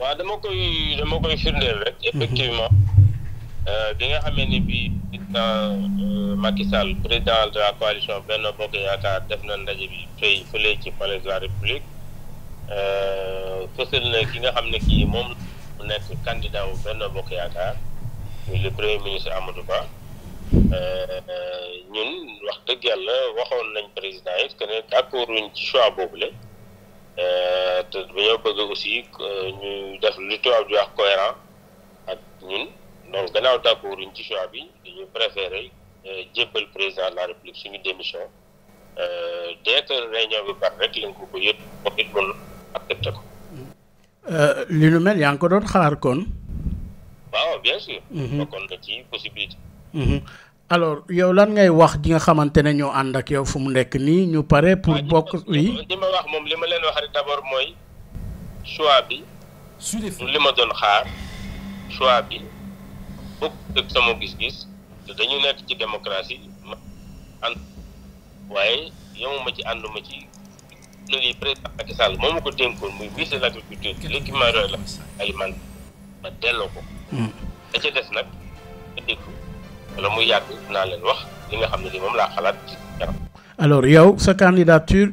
waa dama koy dama koy firndeel rek. Mhm. effectivement euh, bi nga xamee ni bii président euh, Macky Sall président de la coalition Benno Bokk Yaakaar def na ndaje bi fay fële ci palais de la République euh, fësal na ki nga xam ne kii moom mu nekk candidat wu Benno Bokk Yaakaar muy le premier ministre Amadou Ba. ñun wax dëgg yàlla waxoon nañ président yi que ne d'accord wuñ ci choix boobule. te dañoo bëgg aussi euh, ñu def li tubaab di wax cohérent ak ñun donc gannaaw d'accord ci choix bi dañu préféré euh, jébbal président la république suñu démission euh, dès que réunion bi par rek lañ ko ko yëpp wax it loolu accepté ko. li nu mel yaa ngi ko doon xaar kon. waaw bien sûr. Mhm. bokkoon na ci possibilité. Mhm. alors yow lan ngay wax di nga xamante ne ñoo ànd ak yow fu mu nekk nii ñu pare pour bokk yi li ma wax moom li ma leen wax rek d'abord mooy choix bi li ma doon xaar choix bi bokk ak sama gis-gis te dañu nekk ci démocratie ma ànd waaye yemuma ci ànduma ci ne lii président Macky Sall moom ma ko dénkoon muy ministre de l'agriculture l'équipement rural alimentaire ma delloo ko da hmm. ca wala muy yàgg naa leen wax li nga xam ne li moom laa xalaat ci yow sa candidature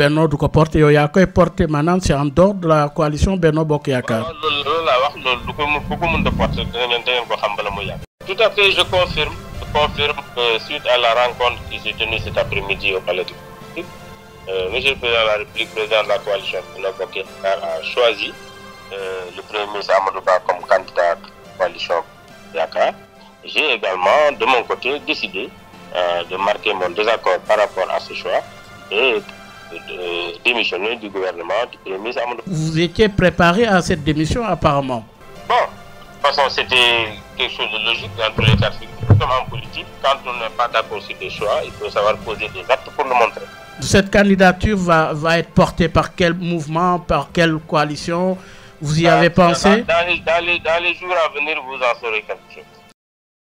Benno du ko porté yow yaa koy porté maanaam c'est en dehors de la coalition Benno Bokk Yaakaar. waaw loolu loolu laa wax loolu du ko ku ko mën a porté dinañ ko xam bala muy yàgg. tout à fait je confirme. suite à la rencontre qui s'est tenue cet après-midi au palais de euh, président de la coalition Benno Bokk Yaakaar a choisi euh, le premier ministre Amadou Ba comme candidat à la coalition Yaakaar j'ai également, de mon côté, décidé euh, de marquer mon désaccord par rapport à ce choix et de démissionner du gouvernement du Premier ministre Amadou. Vous étiez préparé à cette démission apparemment c'était quelque chose de logique dans les cas. Comme quand on n'est pas d'accord sur des choix, il faut savoir poser des actes pour le montrer. Cette candidature va, être portée par quel mouvement, par quelle coalition Vous y avez pensé dans, les,